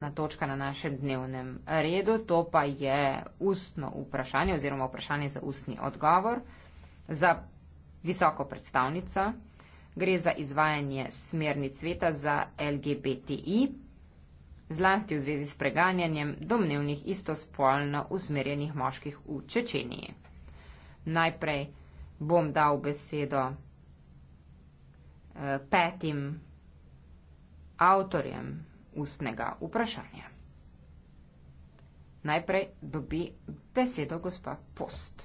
naslednja točka na našem dnevnem redu, to pa je ustno vprašanje oziroma vprašanje za ustni odgovor za visoko predstavnico. Gre za izvajanje smernic sveta za LGBTI, zlasti v zvezi s preganjanjem domnevnih istospolno usmerjenih moških v Čečeniji. Najprej bom dal besedo eh, petim avtorjem ustnega vprašanja. Najprej dobi besedo gospa Post.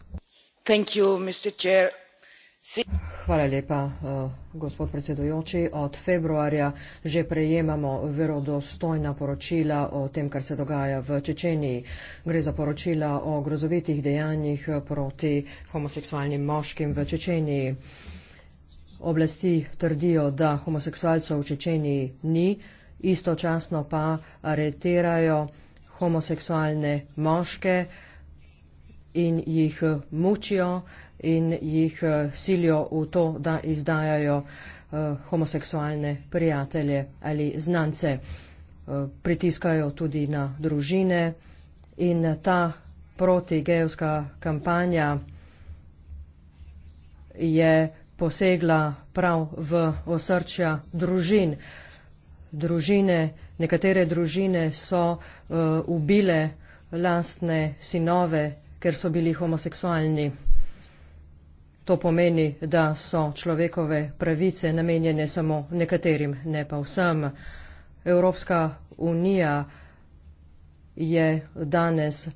You, si... Hvala lepa, eh, gospod predsedujoči. Od februarja že prejemamo verodostojna poročila o tem, kar se dogaja v Čečeniji. Gre za poročila o grozovitih dejanjih proti homoseksualnim moškim v Čečeniji. Oblasti trdijo, da homoseksualcev v Čečeniji ni istočasno pa areterajo homoseksualne moške in jih mučijo in jih eh, silijo v to, da izdajajo eh, homoseksualne prijatelje ali znance. Eh, pritiskajo tudi na družine in ta protigejevska kampanja je posegla prav v osrčja družin družine, nekatere družine so uh, ubile lastne sinove, ker so bili homoseksualni. To pomeni, da so človekove pravice namenjene samo nekaterim, ne pa vsem. Evropska unija je danes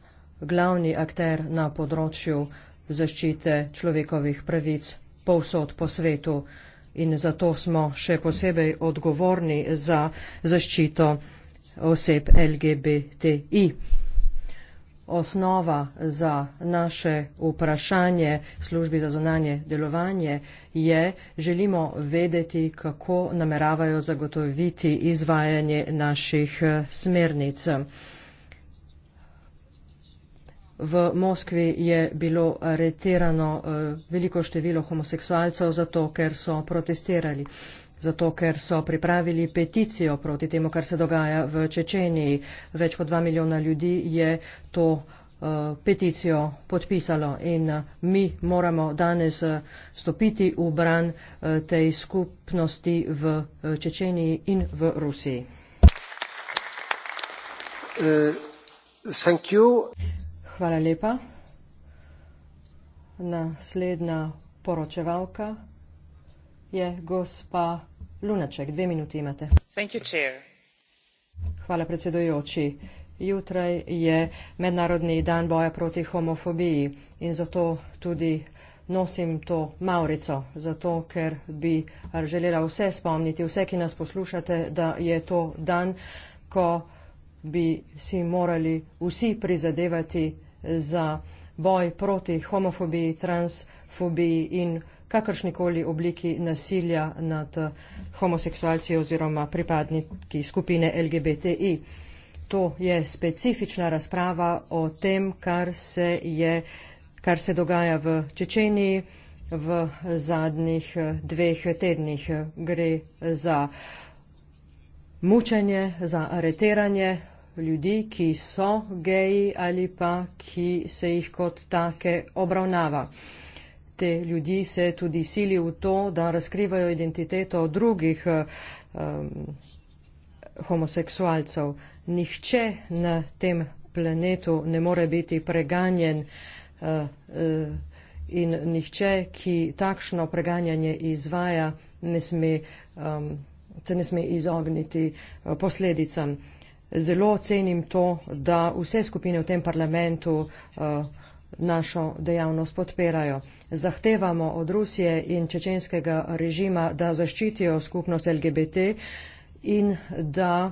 glavni akter na področju zaščite človekovih pravic povsod po svetu in zato smo še posebej odgovorni za zaščito oseb LGBTI. Osnova za naše vprašanje službi za zunanje delovanje je, želimo vedeti, kako nameravajo zagotoviti izvajanje naših smernic. V Moskvi je bilo areterano eh, veliko število homoseksualcev zato, ker so protestirali, zato, ker so pripravili peticijo proti temu, kar se dogaja v Čečeniji. Več kot dva milijona ljudi je to eh, peticijo podpisalo in eh, mi moramo danes stopiti v bran tej skupnosti v Čečeniji in v Rusiji. Uh, Hvala lepa. Naslednja poročevalka je gospa Lunaček. Dve minuti imate. Hvala predsedujoči. Jutraj je mednarodni dan boja proti homofobiji in zato tudi nosim to maurico, zato ker bi želela vse spomniti, vse, ki nas poslušate, da je to dan, ko bi si morali vsi prizadevati za boj proti homofobiji, transfobiji in kakršnikoli obliki nasilja nad homoseksualci oziroma pripadniki skupine LGBTI. To je specifična razprava o tem, kar se, je, kar se dogaja v Čečeniji v zadnjih dveh tednih. Gre za mučenje, za areteranje, ljudi, ki so geji ali pa ki se jih kot take obravnava. Te ljudi se tudi sili v to, da razkrivajo identiteto drugih um, homoseksualcev. Nihče na tem planetu ne more biti preganjen uh, uh, in nihče, ki takšno preganjanje izvaja, ne sme, um, se ne sme izogniti uh, posledicam zelo cenim to, da vse skupine v tem parlamentu eh, našo dejavnost podpirajo. Zahtevamo od Rusije in čečenskega režima, da zaščitijo skupnost LGBT in da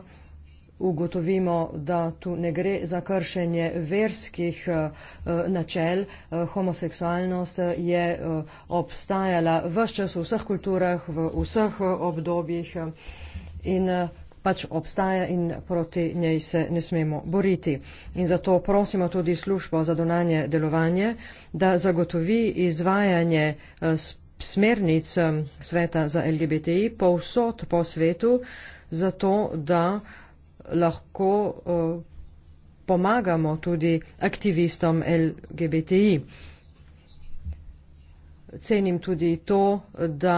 ugotovimo, da tu ne gre za kršenje verskih eh, načel. Eh, homoseksualnost je obstajala v vse čas v vseh kulturah, v vseh obdobjih in pač obstaja in proti njej se ne smemo boriti. In zato prosimo tudi službo za donanje delovanje, da zagotovi izvajanje eh, smernic eh, sveta za LGBTI povsod po svetu, zato da lahko eh, pomagamo tudi aktivistom LGBTI. Cenim tudi to, da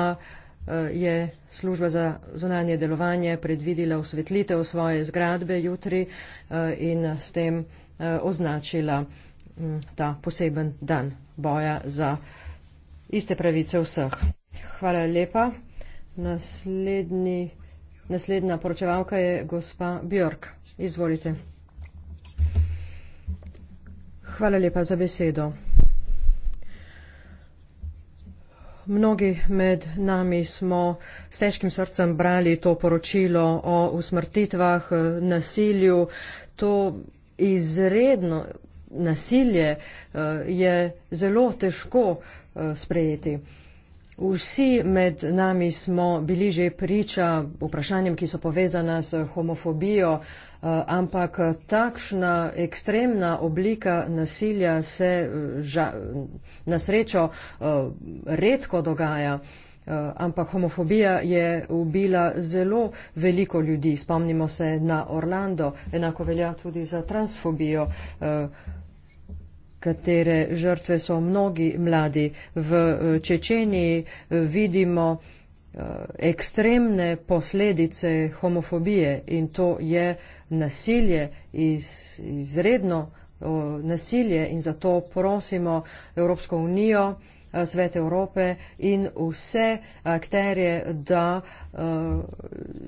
Eh, je služba za zunanje delovanje predvidila osvetlitev svoje zgradbe jutri eh, in s tem eh, označila mm, ta poseben dan boja za iste pravice vseh. Hvala lepa. Naslednji, naslednja poročevalka je gospa Björk. Izvolite. Hvala lepa za besedo. Mnogi med nami smo s težkim srcem brali to poročilo o usmrtitvah, nasilju. To izredno nasilje eh, je zelo težko eh, sprejeti. Vsi med nami smo bili že priča vprašanjem, ki so povezana s homofobijo, eh, ampak takšna ekstremna oblika nasilja se eh, na srečo eh, redko dogaja. Ampak homofobija je ubila zelo veliko ljudi. Spomnimo se na Orlando, enako velja tudi za transfobijo katere žrtve so mnogi mladi. V eh, Čečeniji eh, vidimo eh, ekstremne posledice homofobije in to je nasilje iz, izredno nasilje in zato prosimo Evropsko unijo, Eh, svet Evrope in vse akterje, da eh,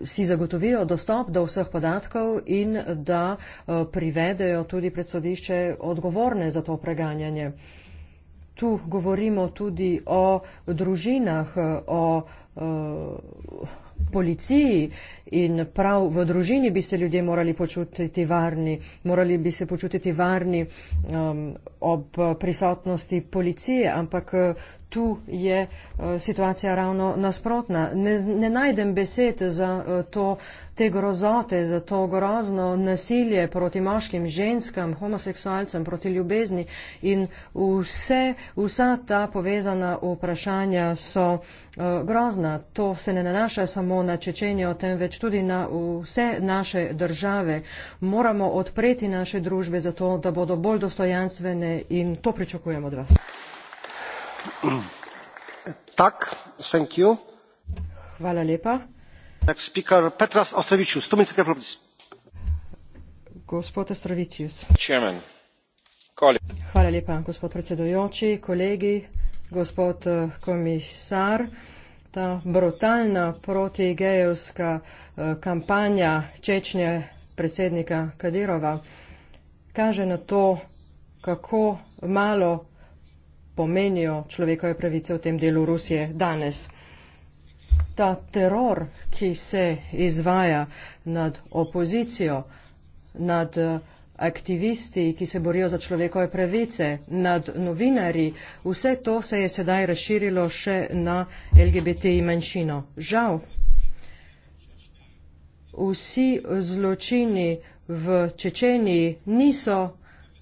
si zagotovijo dostop do vseh podatkov in da eh, privedejo tudi pred sodišče odgovorne za to preganjanje. Tu govorimo tudi o družinah, o policiji in prav v družini bi se ljudje morali počutiti varni, morali bi se počutiti varni um, ob prisotnosti policije, ampak tu je eh, situacija ravno nasprotna. Ne, ne najdem besed za eh, to, te grozote, za to grozno nasilje proti moškim, ženskam, homoseksualcem, proti ljubezni in vse, vsa ta povezana vprašanja so eh, grozna. To se ne nanaša samo na Čečenijo, temveč tudi na vse naše države. Moramo odpreti naše družbe za to, da bodo bolj dostojanstvene in to pričakujem od vas gospod predsedujoči kolegi gospod eh, komisar ta brutalna protigejevska eh, kampanja čečnje predsednika kadirova kaže na to kako malo pomenijo človekove pravice v tem delu Rusije danes. Ta teror, ki se izvaja nad opozicijo, nad eh, aktivisti, ki se borijo za človekove pravice, nad novinari, vse to se je sedaj razširilo še na LGBTI manjšino. Žal, vsi zločini v Čečeniji niso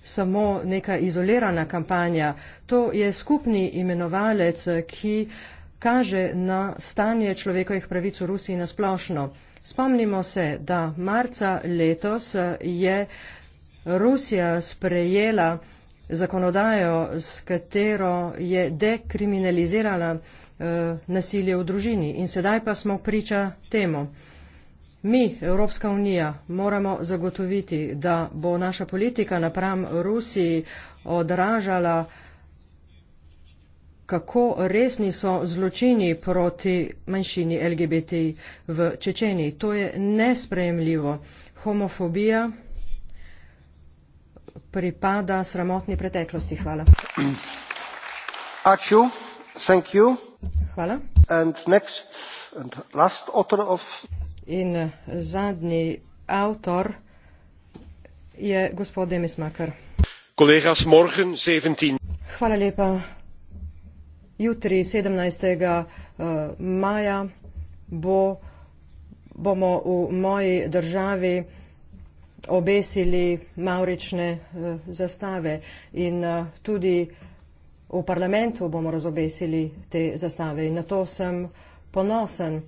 samo neka izolirana kampanja. To je skupni imenovalec, ki kaže na stanje človekovih pravic v Rusiji nasplošno. Spomnimo se, da marca letos je Rusija sprejela zakonodajo, s katero je dekriminalizirala uh, nasilje v družini in sedaj pa smo priča temu. Mi, Evropska unija, moramo zagotoviti, da bo naša politika napram Rusiji odražala, kako resni so zločini proti manjšini LGBT v Čečeniji. To je nesprejemljivo. Homofobija pripada sramotni preteklosti. Hvala. Aču, thank you. Hvala. And next, and last In eh, zadnji avtor je gospod Demis Makar. Kolegas, morgen 17. Hvala lepa. Jutri, 17. Eh, maja, bo, bomo v moji državi obesili maurične eh, zastave in tudi v parlamentu bomo razobesili te zastave. In na to sem ponosen.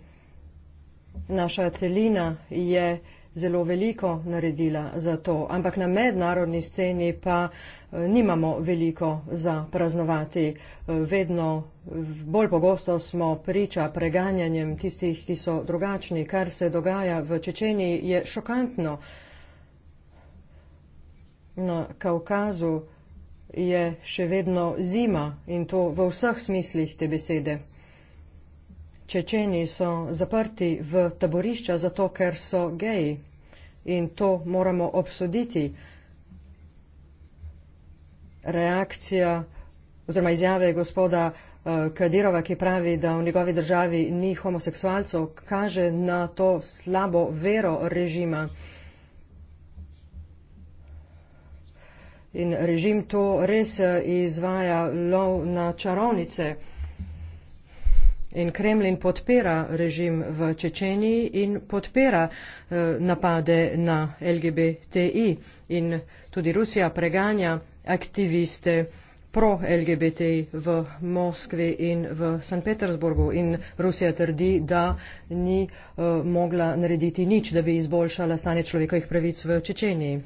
Naša celina je zelo veliko naredila za to, ampak na mednarodni sceni pa eh, nimamo veliko za praznovati. Eh, vedno eh, bolj pogosto smo priča preganjanjem tistih, ki so drugačni. Kar se dogaja v Čečeniji je šokantno. Na Kaukazu je še vedno zima in to v vseh smislih te besede. Čečeni so zaprti v taborišča zato, ker so geji in to moramo obsoditi. Reakcija oziroma izjave gospoda eh, Kadirova, ki pravi, da v njegovi državi ni homoseksualcev, kaže na to slabo vero režima. In režim to res eh, izvaja lov na čarovnice. In Kremlin podpira režim v Čečeniji in podpira eh, napade na LGBTI. In tudi Rusija preganja aktiviste pro-LGBTI v Moskvi in v St. Petersburgu. In Rusija trdi, da ni uh, mogla narediti nič, da bi izboljšala stanje človekovih pravic v Čečeniji.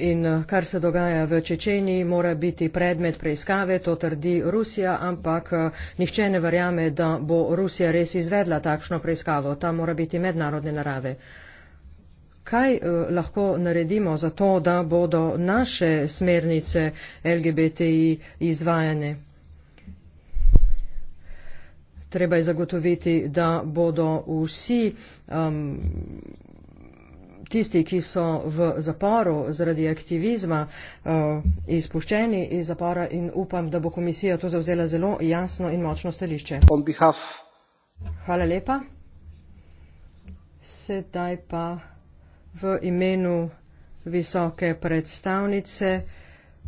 In eh, kar se dogaja v Čečeni, mora biti predmet preiskave, to trdi Rusija, ampak eh, nihče ne verjame, da bo Rusija res izvedla takšno preiskavo. Ta mora biti mednarodne narave. Kaj eh, lahko naredimo za to, da bodo naše smernice LGBTI izvajane? Treba je zagotoviti, da bodo vsi um, tisti, ki so v zaporu zaradi aktivizma uh, izpuščeni iz zapora in upam, da bo komisija to zavzela zelo jasno in močno stališče. Hvala lepa. Sedaj pa v imenu visoke predstavnice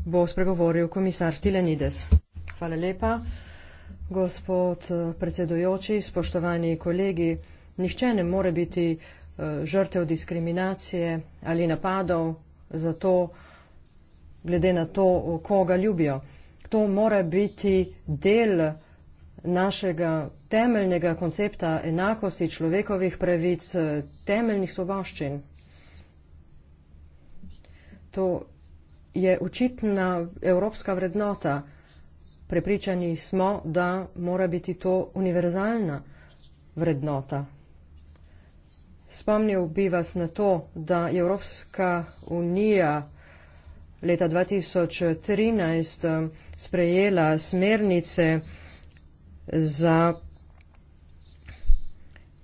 bo spregovoril komisar Stilenides. Hvala lepa, gospod eh, predsedujoči, spoštovani kolegi. Nihče ne more biti uh, Eh, žrtev diskriminacije ali napadov za to, glede na to, koga ljubijo. To mora biti del našega temeljnega koncepta enakosti človekovih pravic, eh, temeljnih svoboščin. To je očitna evropska vrednota. Prepričani smo, da mora biti to univerzalna vrednota. Spomnil bi vas na to, da je Evropska unija leta 2013 um, sprejela smernice za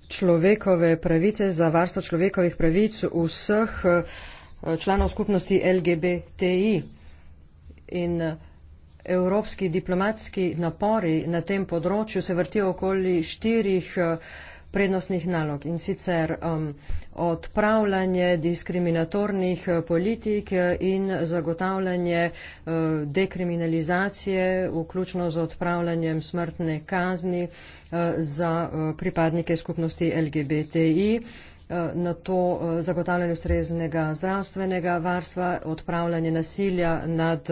človekove pravice, za varstvo človekovih pravic vseh uh, članov skupnosti LGBTI. In uh, evropski diplomatski napori na tem področju se vrtijo okoli štirih uh, prednostnih nalog in sicer um, odpravljanje diskriminatornih eh, politik eh, in zagotavljanje uh, dekriminalizacije, vključno z odpravljanjem smrtne kazni uh, za uh, pripadnike skupnosti LGBTI na to zagotavljanje ustreznega zdravstvenega varstva, odpravljanje nasilja nad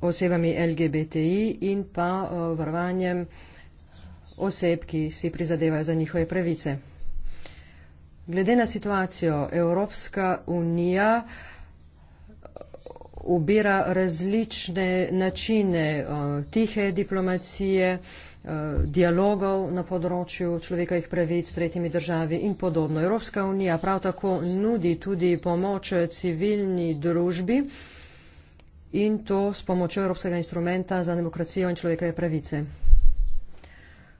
osebami LGBTI in pa varovanjem uh, oseb, ki si prizadevajo za njihove pravice. Glede na situacijo, Evropska unija uh, ubira različne načine uh, tihe diplomacije, uh, dialogov na področju človekovih pravic s tretjimi državi in podobno. Evropska unija prav tako nudi tudi pomoč civilni družbi in to s pomočjo Evropskega instrumenta za demokracijo in človekove pravice.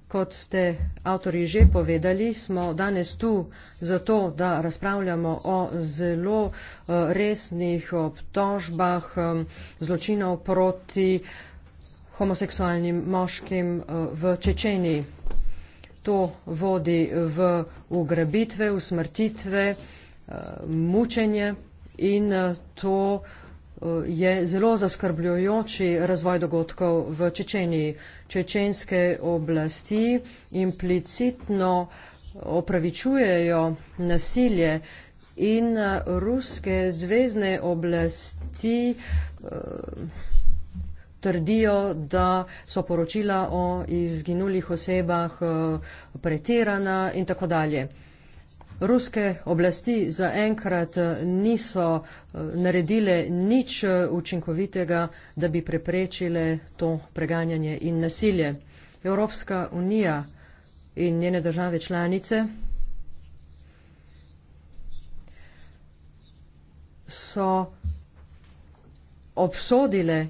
Kot ste avtori že povedali, smo danes tu zato, da razpravljamo o zelo eh, resnih obtožbah zločinov proti homoseksualnim moškim eh, v Čečeni. To vodi v ugrabitve, usmrtitve, eh, mučenje in to je zelo zaskrbljujoči razvoj dogodkov v Čečeniji. Čečenske oblasti implicitno opravičujejo nasilje in ruske zvezdne oblasti eh, trdijo, da so poročila o izginulih osebah eh, pretirana in tako dalje. Ruske oblasti zaenkrat eh, niso eh, naredile nič eh, učinkovitega, da bi preprečile to preganjanje in nasilje. Evropska unija in njene države članice so obsodile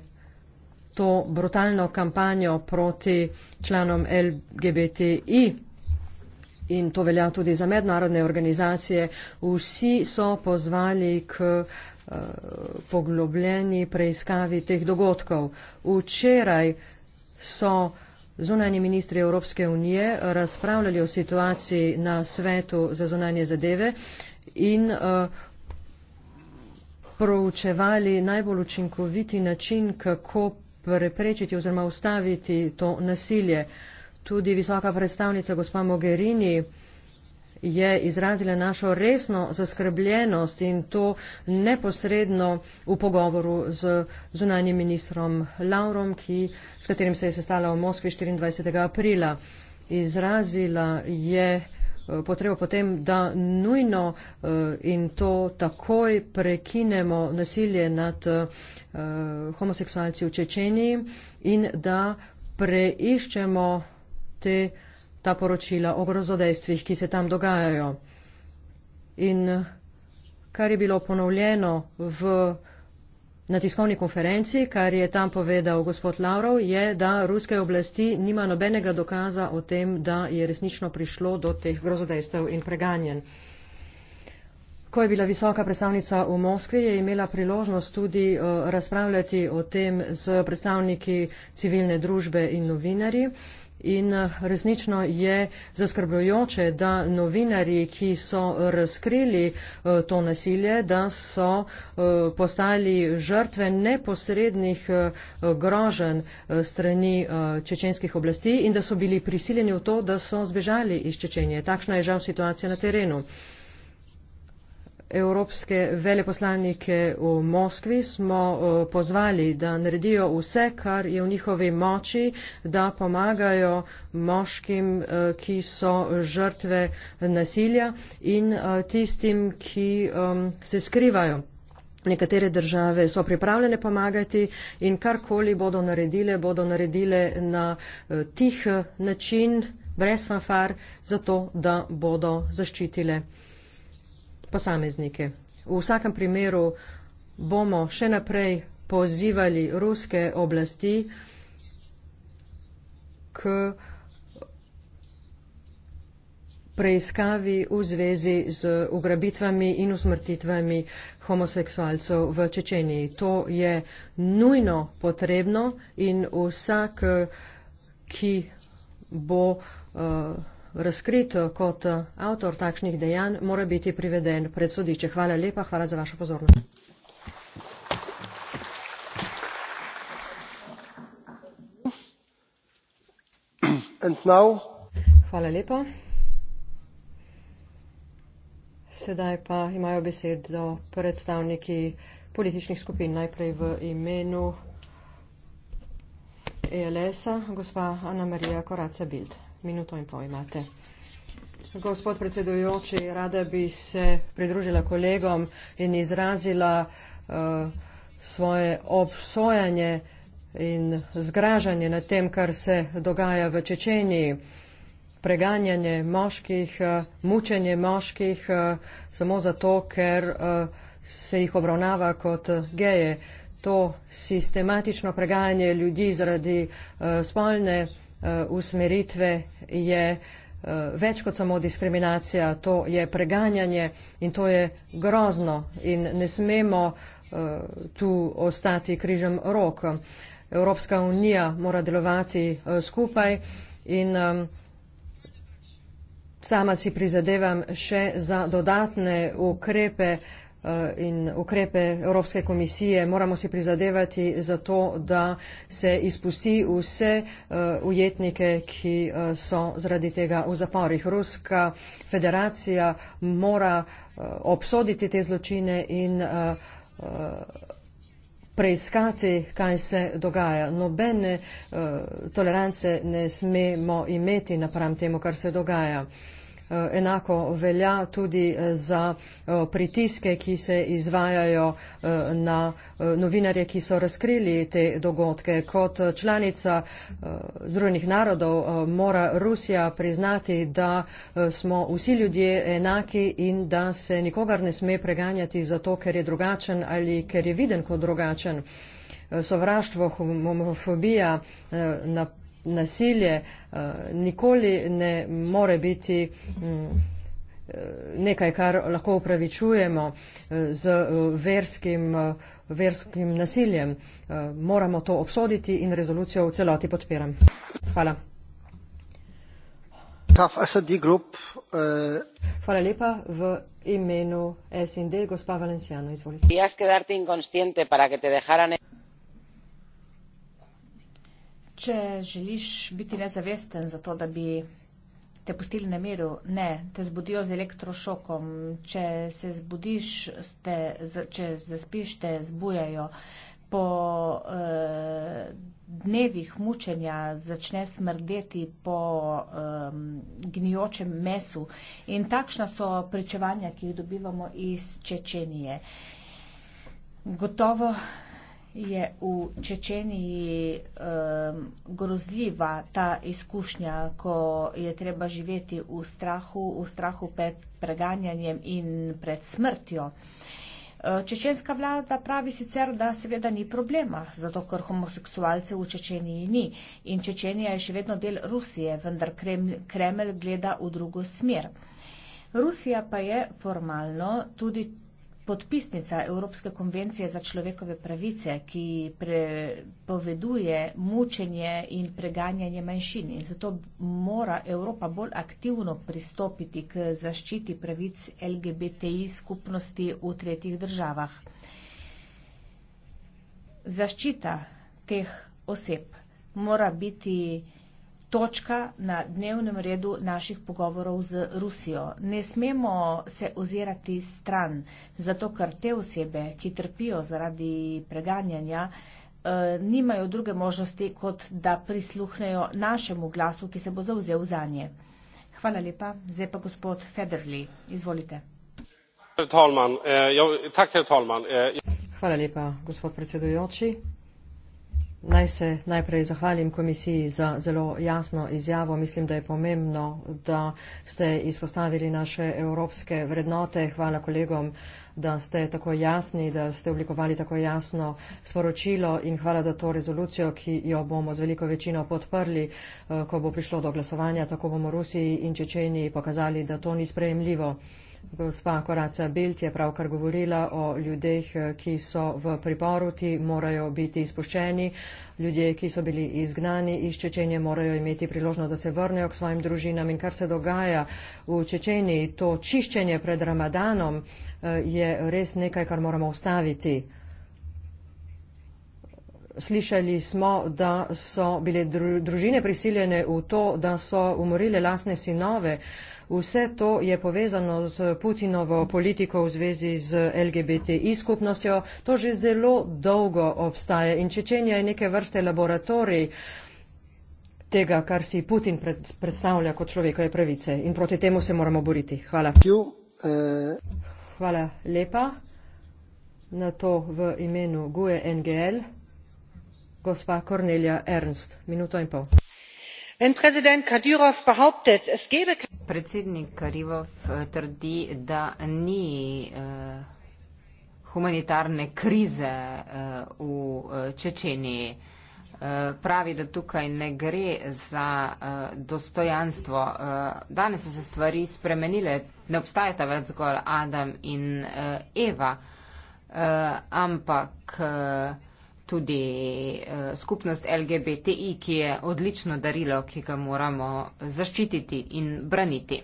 to brutalno kampanjo proti članom LGBTI in to velja tudi za mednarodne organizacije, vsi so pozvali k eh, poglobljeni preiskavi teh dogodkov. Včeraj so zunanje ministri Evropske unije razpravljali o situaciji na svetu za zunanje zadeve in eh, proučevali najbolj učinkoviti način, kako preprečiti oziroma ustaviti to nasilje. Uh, Tudi visoka predstavnica gospa Mogherini je izrazila našo resno zaskrbljenost in to neposredno v pogovoru z zunanjim ministrom Laurom, ki, s katerim se je sestala v Moskvi 24. aprila. Izrazila je eh, potrebo potem, da nujno eh, in to takoj prekinemo nasilje nad eh, homoseksualci v Čečeniji in da preiščemo te, ta poročila o grozodejstvih, ki se tam dogajajo. In kar je bilo ponovljeno v, na tiskovni konferenci, kar je tam povedal gospod Lavrov, je, da ruske oblasti nima nobenega dokaza o tem, da je resnično prišlo do teh grozodejstev in preganjen. Ko je bila visoka predstavnica v Moskvi, je imela priložnost tudi uh, razpravljati o tem z predstavniki civilne družbe in novinari. In eh, resnično je zaskrbljujoče, da novinari, ki so razkrili eh, to nasilje, da so eh, postali žrtve neposrednih grožen strani čečenskih oblasti in da so bili prisiljeni v to, da so zbežali iz Čečenije. Takšna je žal situacija na terenu evropske veleposlanike v Moskvi smo eh, pozvali, da naredijo vse, kar je v njihovi moči, da pomagajo moškim, eh, ki so žrtve nasilja in eh, tistim, ki se skrivajo. Nekatere države so pripravljene pomagati in karkoli bodo naredile, bodo naredile na tih način, brez fanfar, zato da bodo zaščitile posameznike. V vsakem primeru bomo še naprej pozivali ruske oblasti k preiskavi v zvezi z ugrabitvami in usmrtitvami homoseksualcev v Čečeniji. To je nujno potrebno in vsak, ki bo uh, razkrit kot avtor takšnih dejanj, mora biti priveden pred sodišče. Hvala lepa, hvala za vašo pozornost. Hvala lepa. Sedaj pa imajo besedo predstavniki političnih skupin. Najprej v imenu ELS-a, gospa Ana Marija Koraca Bild minuto in pol imate. Gospod predsedujoči, rada bi se pridružila kolegom in izrazila uh, svoje obsojanje in zgražanje nad tem, kar se dogaja v Čečeniji. Preganjanje moških, eh, mučenje moških eh, samo zato, ker se jih obravnava kot geje. To sistematično preganjanje ljudi zaradi spolne Eh, usmeritve je eh, več kot samo diskriminacija, to je preganjanje in to je grozno in ne smemo eh, tu ostati križem rok. Evropska unija mora delovati skupaj in sama si prizadevam še za dodatne ukrepe, Eh, in ukrepe Evropske komisije, moramo si prizadevati za to, da se izpusti vse eh, ujetnike, ki eh, so zaradi tega v zaporih. Ruska federacija mora obsoditi te zločine in preiskati, kaj se dogaja. Nobene tolerance ne smemo imeti napram temu, kar se dogaja. Eh, enako velja tudi eh, za eh, pritiske, ki se izvajajo na novinarje, ki so razkrili te dogodke. Kot članica Združenih narodov mora Rusija priznati, da smo vsi ljudje enaki in da se nikogar ne sme preganjati zato, ker je drugačen ali ker je viden kot drugačen. Sovraštvo, homofobija, napredek nasilje eh, nikoli ne more biti mm, eh, nekaj, kar lahko upravičujemo eh, z verskim, verskim nasiljem. Moramo to obsoditi in rezolucijo v celoti podpiram. Hvala. Hvala lepa. V imenu SND gospa Valenciano, izvolite če želiš biti nezavesten za to, da bi te pustili na miru, ne, te zbudijo z elektrošokom, če se zbudiš, te, če zaspiš, te zbujajo. Po e, dnevih mučenja začne smrdeti po e, gnijočem mesu in takšna so pričevanja, ki jih dobivamo iz Čečenije. Gotovo je v Čečeniji um, grozljiva ta izkušnja, ko je treba živeti v strahu, v strahu pred preganjanjem in pred smrtjo. E, čečenska vlada pravi sicer, da seveda ni problema, zato ker homoseksualcev v Čečeniji ni in Čečenija je še vedno del Rusije, vendar Kremelj gleda v drugo smer. Rusija pa je formalno tudi podpisnica Evropske konvencije za človekove pravice, ki prepoveduje mučenje in preganjanje manjšin. In zato mora Evropa bolj aktivno pristopiti k zaščiti pravic LGBTI skupnosti v tretjih državah. Zaščita teh oseb mora biti točka na dnevnem redu naših pogovorov z Rusijo. Ne smemo se ozirati stran, zato ker te osebe, ki trpijo zaradi preganjanja, eh, nimajo druge možnosti, kot da prisluhnejo našemu glasu, ki se bo zauzel za nje. Hvala lepa. Zdaj pa gospod Federli. Izvolite. Eh, ja, eh, Hvala lepa, gospod predsedujoči. Naj se najprej zahvalim komisiji za zelo jasno izjavo. Mislim, da je pomembno, da ste izpostavili naše evropske vrednote. Hvala kolegom, da ste tako jasni, da ste oblikovali tako jasno sporočilo in hvala, da to rezolucijo, ki jo bomo z veliko večino podprli, eh, ko bo prišlo do glasovanja, tako bomo Rusiji in Čečeniji pokazali, da to ni sprejemljivo. Gospa Koraca Belt je pravkar govorila o ljudeh, ki so v priporu, ti morajo biti izpuščeni, ljudje, ki so bili izgnani iz Čečenje, morajo imeti priložnost, da se vrnejo k svojim družinam. In kar se dogaja v Čečeni, to čiščenje pred Ramadanom eh, je res nekaj, kar moramo ustaviti slišali smo, da so bile družine prisiljene v to, da so umorile lasne sinove. Vse to je povezano z Putinovo politiko v zvezi z LGBTI skupnostjo. To že zelo dolgo obstaja in Čečenija je neke vrste laboratorij tega, kar si Putin predstavlja kot človekove pravice in proti temu se moramo boriti. Hvala. Eh. Hvala lepa. Na to v imenu GUE NGL predsednik kadirov eh, trdi da ni eh, humanitarne krize eh, v čečeniji pravi da tukaj ne gre za dostojanstvo danes so se stvari spremenile ne obstajata več zgolj adam in eva ampak tudi uh, skupnost LGBTI, ki je odlično darilo, ki ga moramo zaščititi in braniti.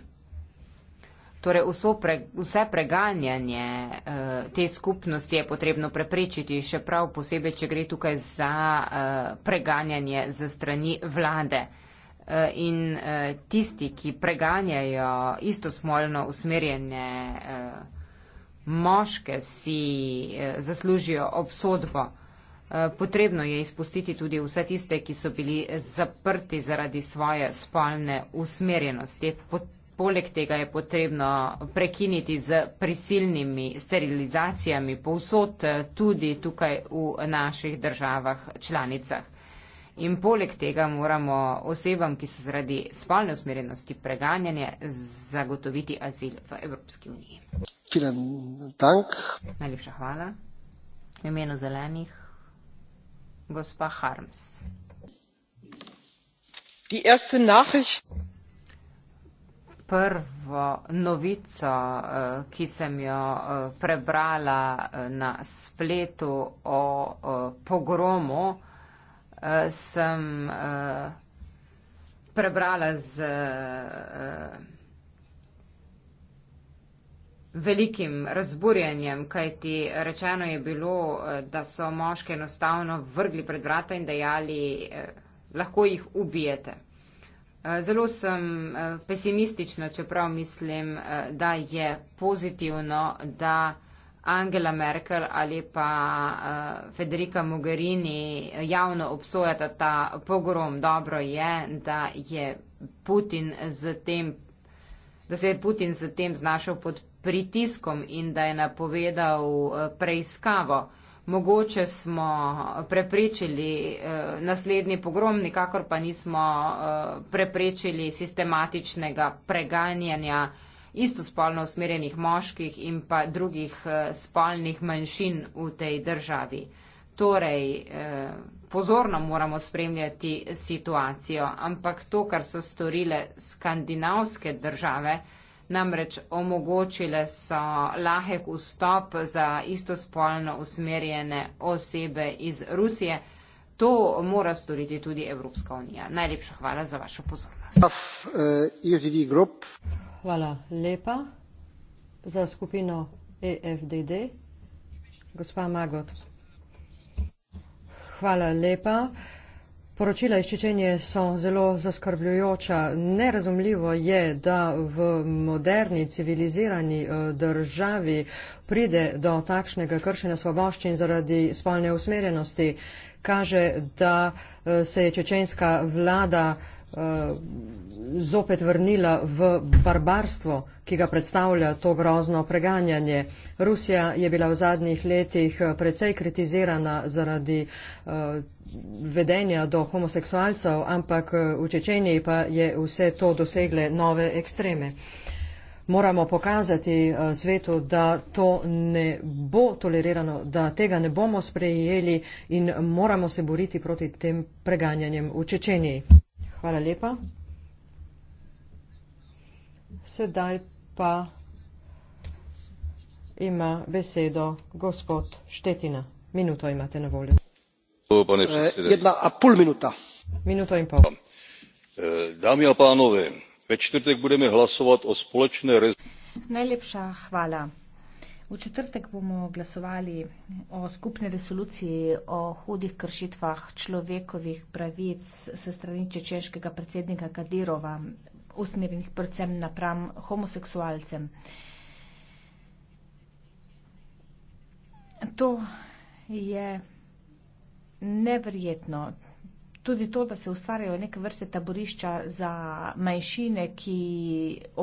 Torej, pre, vse preganjanje uh, te skupnosti je potrebno preprečiti, še prav posebej, če gre tukaj za uh, preganjanje za strani vlade. In tisti, ki preganjajo istospolno usmerjene moške, si zaslužijo obsodbo. Eh, potrebno je izpustiti tudi vse tiste, ki so bili zaprti zaradi svoje spolne usmerjenosti. Poleg tega je potrebno prekiniti z prisilnimi sterilizacijami povsod, eh, tudi tukaj v naših državah članicah. In poleg tega moramo osebam, ki so zaradi spolne usmerjenosti preganjanje, zagotoviti azil v Evropski uniji. Najlepša hvala. V imenu zelenih. Prvo novico, eh, ki sem jo eh, prebrala eh, na spletu o pogromu, sem prebrala z velikim razburjenjem, kajti rečeno je bilo, eh, da so moške enostavno vrgli pred vrata in dejali, eh, lahko jih ubijete. Eh, zelo sem pesimistična, čeprav mislim, da je pozitivno, da Angela Merkel ali pa Federica Mogherini javno obsojata ta pogrom. Dobro je, da je Putin z tem, da se je Putin z tem znašel pod pritiskom in da je napovedal eh, preiskavo. Mogoče smo eh, preprečili eh, naslednji pogrom, nikakor pa nismo preprečili sistematičnega preganjanja istospolno usmerjenih moških in pa drugih spolnih manjšin v tej državi. Torej, pozorno moramo spremljati situacijo, ampak to, kar so storile skandinavske države, Namreč omogočile so lahek vstop za istospolno usmerjene osebe iz Rusije. To mora storiti tudi Evropska unija. Najlepša hvala za vašo pozornost. Eh, e hvala lepa za skupino EFDD. Gospa Magot. Hvala lepa. Poročila iz Čečenje so zelo zaskrbljujoča. Nerazumljivo je, da v moderni civilizirani eh, državi pride do takšnega kršenja svoboščin zaradi spolne usmerjenosti. Kaže, da eh, se je čečenska vlada uh, zopet vrnila v barbarstvo, ki ga predstavlja to grozno preganjanje. Rusija je bila v zadnjih letih eh, precej kritizirana zaradi uh, vedenja do homoseksualcev, ampak v Čečeniji pa je vse to dosegle nove ekstreme. Moramo pokazati svetu, da to ne bo tolerirano, da tega ne bomo sprejeli in moramo se boriti proti tem preganjanjem v Čečeniji. Hvala lepa. Sedaj pa ima besedo gospod Štetina. Minuto imate na voljo. Eh, jedna a pol minuta. Minuto in pol. Eh, Dami a panove, ve četrtek budeme hlasovat o společne rezoluciji. Najlepša hvala. V četrtek bomo glasovali o skupni resoluciji o hudih kršitvah človekovih pravic se strani čečeškega predsednika Kadirova, usmerjenih predvsem napram homoseksualcem. To je neverjetno tudi to, da se ustvarjajo neke vrste taborišča za manjšine, ki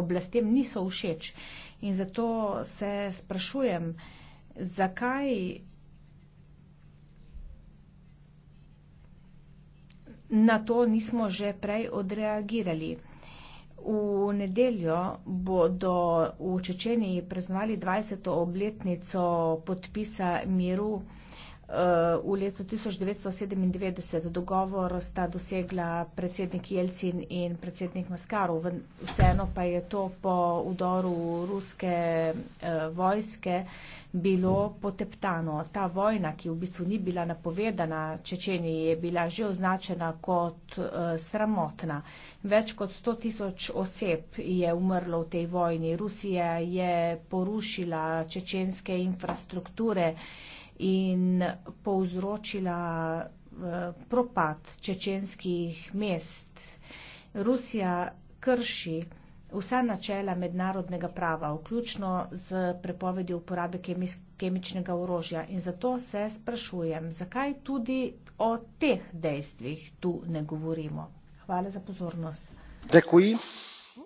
oblastem niso všeč. In zato se sprašujem, zakaj. Na to nismo že prej odreagirali. V nedeljo bodo v Čečeniji praznovali 20. obletnico podpisa miru. Eh, v letu 1997 dogovor sta dosegla predsednik Jelcin in predsednik Maskarov, vseeno pa je to po udoru ruske eh, vojske bilo poteptano. Ta vojna, ki v bistvu ni bila napovedana Čečeni, je bila že označena kot eh, sramotna. Več kot 100 tisoč oseb je umrlo v tej vojni. Rusija je porušila čečenske infrastrukture in povzročila eh, propad čečenskih mest. Rusija krši vsa načela mednarodnega prava, vključno z prepovedi uporabe kemičnega orožja. In zato se sprašujem, zakaj tudi o teh dejstvih tu ne govorimo. Hvala za pozornost. Dekuji.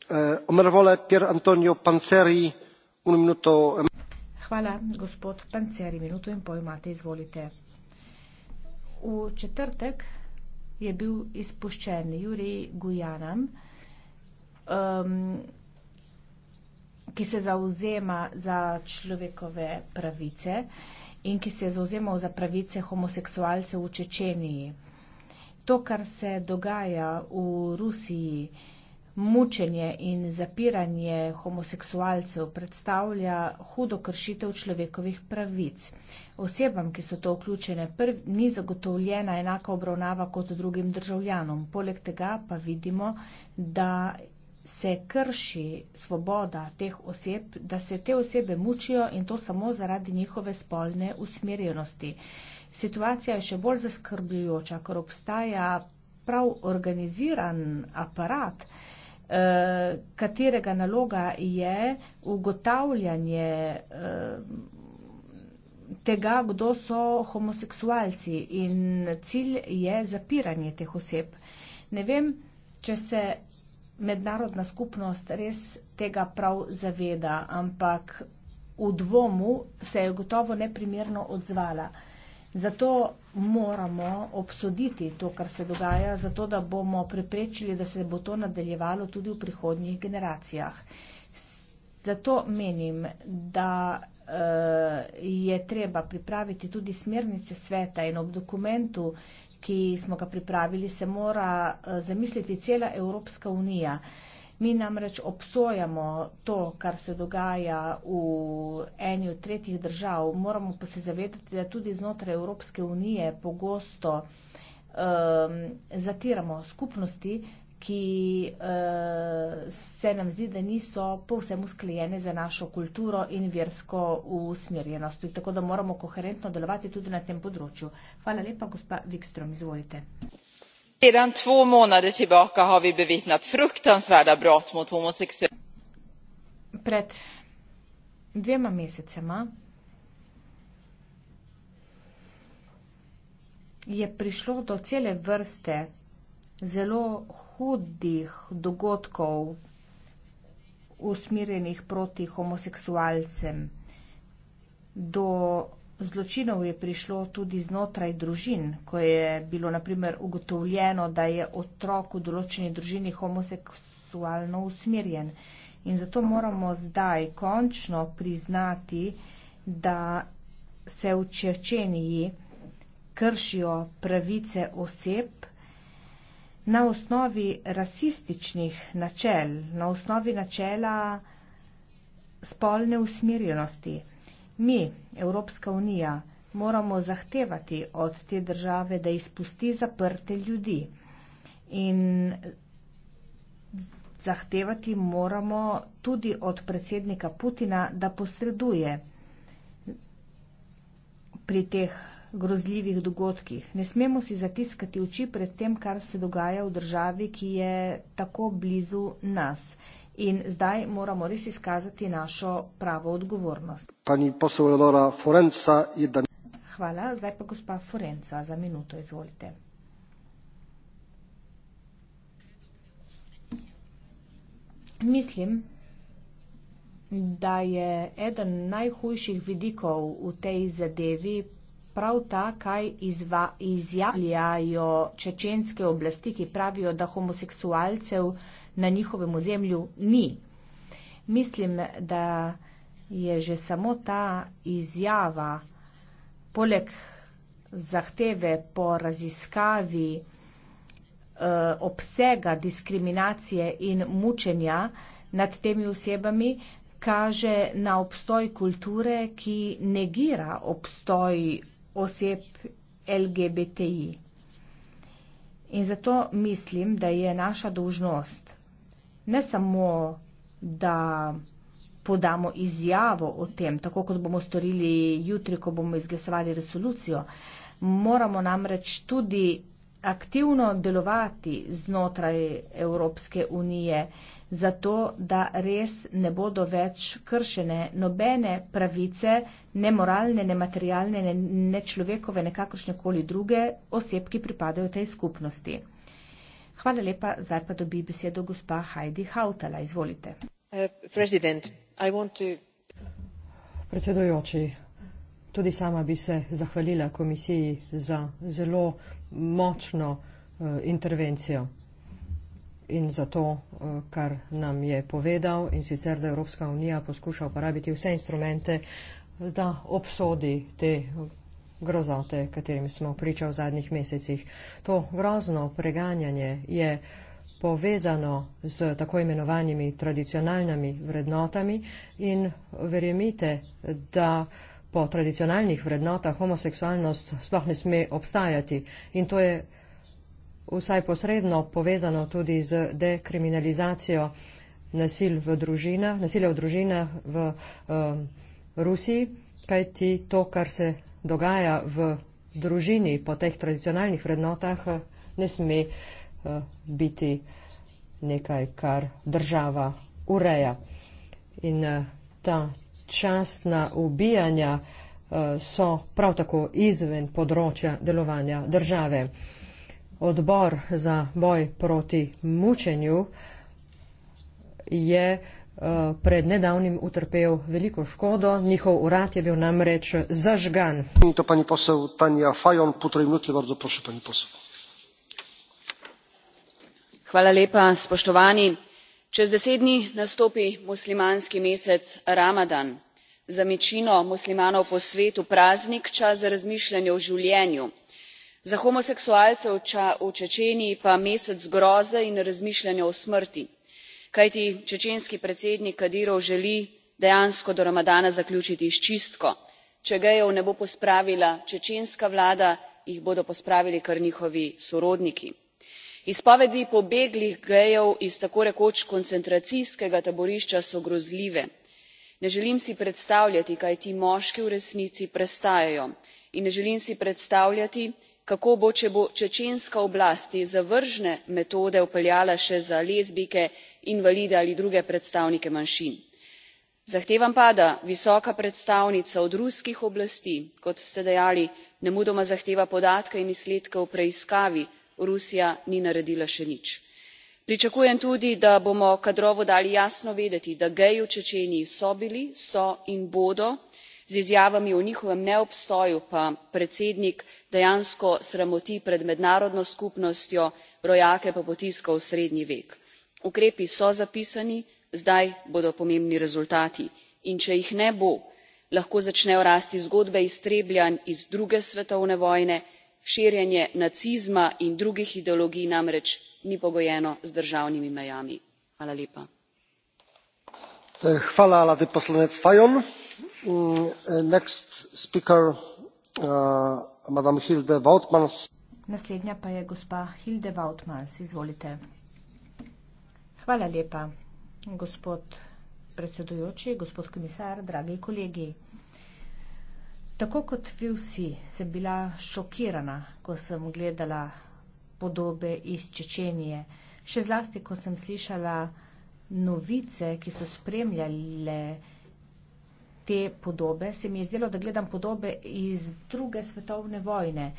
Eh, Omerovole Pier Antonio Panceri, un minuto. Hvala, gospod Panceri. Minuto in pol imate, izvolite. V četrtek je bil izpuščen Juri Gujanam, um, ki se zauzema za človekove pravice in ki se je zauzemal za pravice homoseksualcev v Čečeniji. To, kar se dogaja v Rusiji, mučenje in zapiranje homoseksualcev predstavlja hudo kršitev človekovih pravic. Osebam, ki so to vključene, prv, ni zagotovljena enaka obravnava kot drugim državljanom. Poleg tega pa vidimo, da se krši svoboda teh oseb, da se te osebe mučijo in to samo zaradi njihove spolne usmerjenosti. Situacija je še bolj zaskrbljujoča, ker obstaja prav organiziran aparat, Eh, katerega naloga je ugotavljanje eh, tega, kdo so homoseksualci in cilj je zapiranje teh oseb. Ne vem, če se mednarodna skupnost res tega prav zaveda, ampak v dvomu se je gotovo neprimerno odzvala. Zato moramo obsoditi to, kar se dogaja, zato da bomo preprečili, da se bo to nadaljevalo tudi v prihodnjih generacijah. Zato menim, da uh, je treba pripraviti tudi smernice sveta in ob dokumentu, ki smo ga pripravili, se mora uh, zamisliti cela Evropska unija. Uh, Mi namreč obsojamo to, kar se dogaja v eni od tretjih držav, moramo pa se zavedati, da tudi znotraj Evropske unije pogosto um, zatiramo skupnosti, ki uh, se nam zdi, da niso povsem usklejene za našo kulturo in versko usmerjenost. Tako da moramo koherentno delovati tudi na tem področju. Hvala lepa, gospa Vikstrom, izvolite sedan två månader tillbaka har vi bevittnat fruktansvärda brott mot homosexuella. Pred dvema mesecema je prišlo do cele vrste zelo hudih dogodkov usmerjenih proti homoseksualcem, do zločinov je prišlo tudi znotraj družin, ko je bilo naprimer ugotovljeno, da je otrok v določeni družini homoseksualno usmerjen. In zato moramo zdaj končno priznati, da se v Čečeniji kršijo pravice oseb na osnovi rasističnih načel, na osnovi načela spolne usmerjenosti. Mi, Evropska unija, moramo zahtevati od te države, da izpusti zaprte ljudi. In zahtevati moramo tudi od predsednika Putina, da posreduje pri teh grozljivih dogodkih. Ne smemo si zatiskati oči pred tem, kar se dogaja v državi, ki je tako blizu nas in zdaj moramo res izkazati našo pravo odgovornost. Hvala, zdaj pa gospa Forenca za minuto, izvolite. Mislim, da je eden najhujših vidikov v tej zadevi prav ta, kaj izva, izjavljajo čečenske oblasti, ki pravijo, da homoseksualcev na njihovem ozemlju ni. Mislim, da je že samo ta izjava, poleg zahteve po raziskavi eh, obsega diskriminacije in mučenja nad temi osebami, kaže na obstoj kulture, ki negira obstoj oseb LGBTI. In zato mislim, da je naša dožnost ne samo, da podamo izjavo o tem, tako kot bomo storili jutri, ko bomo izglasovali resolucijo, moramo namreč tudi aktivno delovati znotraj Evropske unije, zato da res ne bodo več kršene nobene pravice, ne moralne, ne materialne, ne, ne človekove, ne kakršne koli druge oseb, ki pripadajo tej skupnosti. Hvala lepa. Zdaj pa dobi besedo gospa Heidi Hautala. Izvolite. Uh, Predsedujoči, tudi sama bi se zahvalila komisiji za zelo močno uh, intervencijo in za to, uh, kar nam je povedal in sicer, da Evropska unija poskuša uporabiti vse instrumente, da obsodi te grozote, katerim smo pričali v zadnjih mesecih. To grozno preganjanje je povezano z tako imenovanimi tradicionalnimi vrednotami in verjemite, da po tradicionalnih vrednotah homoseksualnost sploh ne sme obstajati in to je vsaj posredno povezano tudi z dekriminalizacijo nasil v družina, nasilja v družinah v uh, Rusiji, kajti to, kar se dogaja v družini po teh tradicionalnih vrednotah, ne sme eh, biti nekaj, kar država ureja. In eh, ta častna ubijanja eh, so prav tako izven področja delovanja države. Odbor za boj proti mučenju je Eh, pred nedavnim utrpel veliko škodo. Njihov urad je bil namreč zažgan. Hvala lepa, spoštovani. Čez deset dni nastopi muslimanski mesec Ramadan. Za večino muslimanov po svetu praznik čas za razmišljanje o življenju. Za homoseksualce v Čečeniji pa mesec groze in razmišljanja o smrti kajti čečenski predsednik kadirov želi dejansko do ramadana zaključiti s čistko. če gejev ne bo pospravila čečenska vlada jih bodo pospravili kar njihovi sorodniki. izpovedi pobeglih gejev iz tako rekoč koncentracijskega taborišča so grozljive. ne želim si predstavljati kaj ti moški v resnici prestajajo in ne želim si predstavljati kako bo če bo čečenska oblast te zavržne metode vpeljala še za lezbijke invalide ali druge predstavnike manjšin. zahtevam pa da visoka predstavnica od ruskih oblasti kot ste dejali nemudoma zahteva podatke in izsledke o preiskavi rusija ni naredila še nič. pričakujem tudi da bomo kadrovu dali jasno vedeti da geji v čečeniji so bili so in bodo z izjavami o njihovem neobstoju pa predsednik dejansko sramoti pred mednarodno skupnostjo rojake pa potiska v srednji vek. ukrepi so zapisani zdaj bodo pomembni rezultati in če jih ne bo lahko začnejo rasti zgodbe iztrebljanj iz druge svetovne vojne širjenje nacizma in drugih ideologij namreč ni pogojeno z državnimi mejami. hvala lepa. Eh, Mm, eh, eh, Naslednja pa je gospa Hilde Vautmans. Izvolite. Hvala lepa, gospod predsedujoči, gospod komisar, dragi kolegi. Tako kot vi vsi sem bila šokirana, ko sem gledala podobe iz Čečenije, še zlasti, ko sem slišala novice, ki so spremljale te podobe, se mi je zdelo, da gledam podobe iz druge svetovne vojne.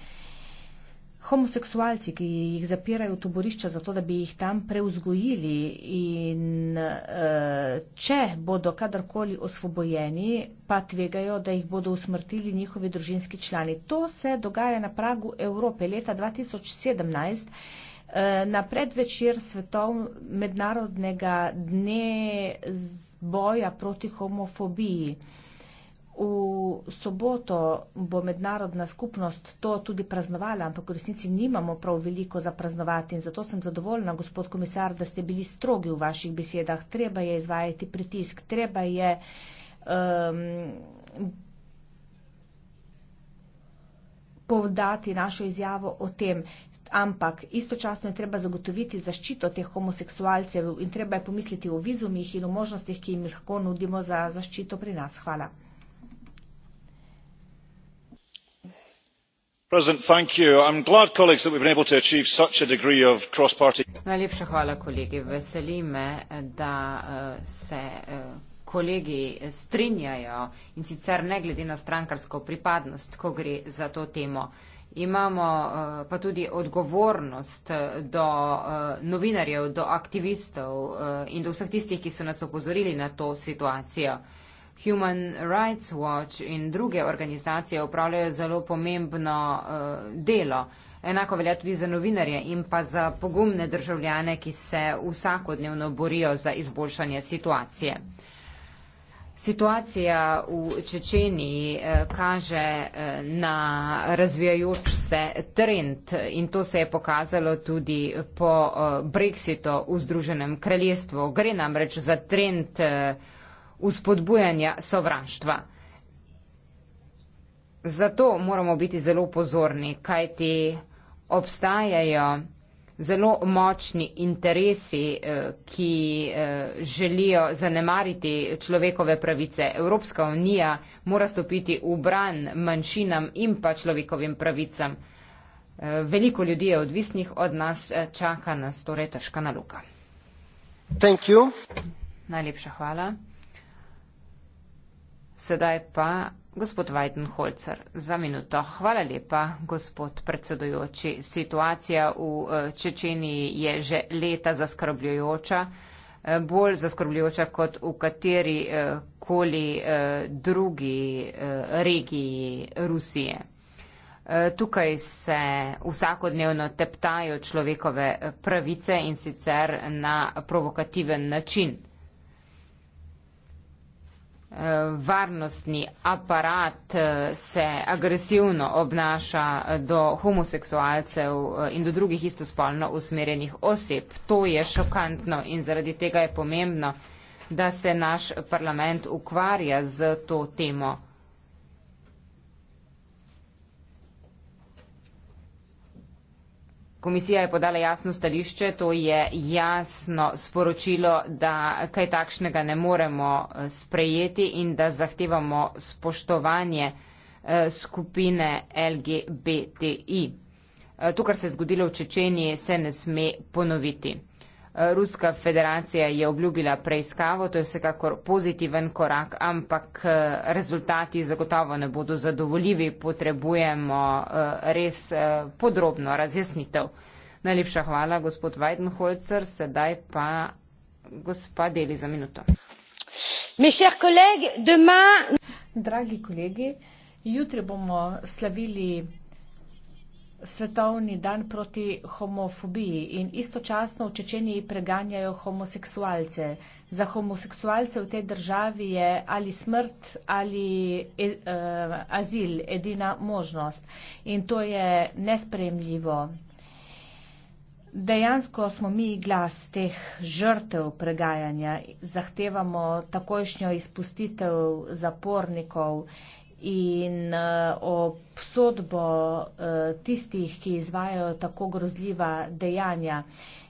Homoseksualci, ki jih zapirajo v taborišča zato, da bi jih tam preuzgojili in eh, če bodo kadarkoli osvobojeni, pa tvegajo, da jih bodo usmrtili njihovi družinski člani. To se dogaja na pragu Evrope leta 2017 eh, na predvečer svetov mednarodnega dne z boja proti homofobiji. V soboto bo mednarodna skupnost to tudi praznovala, ampak v resnici nimamo prav veliko za praznovati in zato sem zadovoljna, gospod komisar, da ste bili strogi v vaših besedah. Treba je izvajati pritisk, treba je um, povdati našo izjavo o tem, ampak istočasno je treba zagotoviti zaščito teh homoseksualcev in treba je pomisliti o vizumih in o možnostih, ki jim lahko nudimo za zaščito pri nas. Hvala. Najlepša hvala, kolegi. Veseli me, da eh, se eh, kolegi strinjajo in sicer ne glede na strankarsko pripadnost, ko gre za to temo imamo eh, pa tudi odgovornost eh, do eh, novinarjev, do aktivistov in do vseh tistih, ki so nas opozorili na to situacijo. Human Rights Watch in druge organizacije upravljajo zelo pomembno delo. Enako velja tudi za novinarje in pa za pogumne državljane, ki se vsakodnevno borijo za izboljšanje situacije. Situacija v Čečeniji eh, kaže eh, na razvijajoč se trend in to se je pokazalo tudi po eh, Brexitu v Združenem kraljestvu. Gre namreč za trend uspodbujanja sovraštva. Zato moramo biti zelo pozorni, kajti obstajajo zelo močni interesi, eh, ki eh, želijo zanemariti človekove pravice. Evropska unija mora stopiti v bran manjšinam in pa človekovim pravicam. Eh, veliko ljudi je odvisnih od nas, čaka nas torej težka naloga. Najlepša hvala. Sedaj pa Gospod Weidenholzer, za minuto. Hvala lepa, gospod predsedujoči. Situacija v eh, Čečeniji je že leta zaskrbljujoča, eh, bolj zaskrbljujoča kot v kateri eh, koli drugi regiji Rusije. Tukaj se vsakodnevno teptajo človekove pravice in sicer na provokativen način varnostni aparat eh, se agresivno obnaša eh, do homoseksualcev eh, in do drugih istospolno usmerjenih oseb. To je šokantno in zaradi tega je pomembno, da se naš parlament ukvarja z to temo Komisija je podala jasno stališče, to je jasno sporočilo, da kaj takšnega ne moremo eh, sprejeti in da zahtevamo spoštovanje eh, skupine LGBTI. Eh, to, kar se je zgodilo v Čečeniji, se ne sme ponoviti. Ruska federacija je obljubila preiskavo, to je vsekakor pozitiven korak, ampak eh, rezultati zagotovo ne bodo zadovoljivi, potrebujemo eh, res eh, podrobno razjasnitev. Najlepša hvala, gospod Weidenholzer, sedaj pa gospa deli za minuto. Kolegi, demain... Dragi kolegi, jutri bomo slavili svetovni dan proti homofobiji in istočasno v Čečeniji preganjajo homoseksualce. Za homoseksualce v tej državi je ali smrt ali e, e, azil edina možnost in to je nespremljivo. Dejansko smo mi glas teh žrtev pregajanja, zahtevamo takojšnjo izpustitev zapornikov in uh, obsodbo uh, tistih, ki izvajajo tako grozljiva dejanja.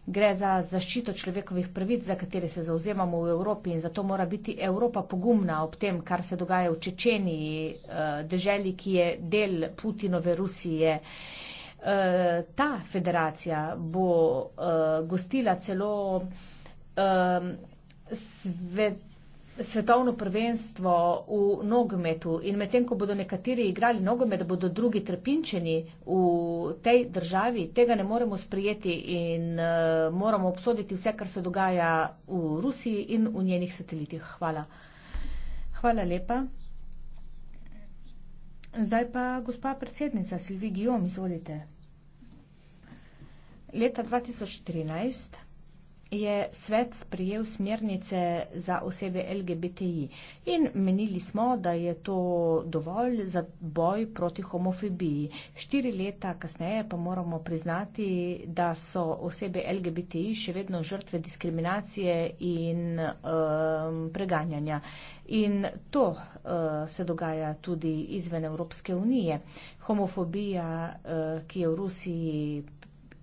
Gre za zaščito človekovih pravic, za katere se zauzemamo v Evropi in zato mora biti Evropa pogumna ob tem, kar se dogaja v Čečeniji, uh, deželi, ki je del Putinove Rusije. Uh, ta federacija bo uh, gostila celo uh, svet svetovno prvenstvo v nogometu in medtem, ko bodo nekateri igrali nogomet, bodo drugi trpinčeni v tej državi, tega ne moremo sprijeti in uh, moramo obsoditi vse, kar se dogaja v Rusiji in v njenih satelitih. Hvala. Hvala lepa. Zdaj pa gospa predsednica Silvi Gijom, izvolite. Leta 2013 je svet sprejel smernice za osebe LGBTI in menili smo, da je to dovolj za boj proti homofobiji. Štiri leta kasneje pa moramo priznati, da so osebe LGBTI še vedno žrtve diskriminacije in um, preganjanja. In to uh, se dogaja tudi izven Evropske unije. Homofobija, uh, ki je v Rusiji